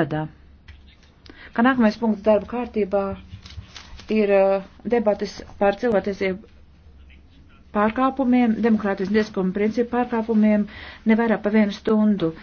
gadā. Kā nākamais punkts darba kārtībā ir uh, debatas par cilvēktiesību pārkāpumiem, demokrātijas tieskuma principu pārkāpumiem nevairāk pa vienu stundu.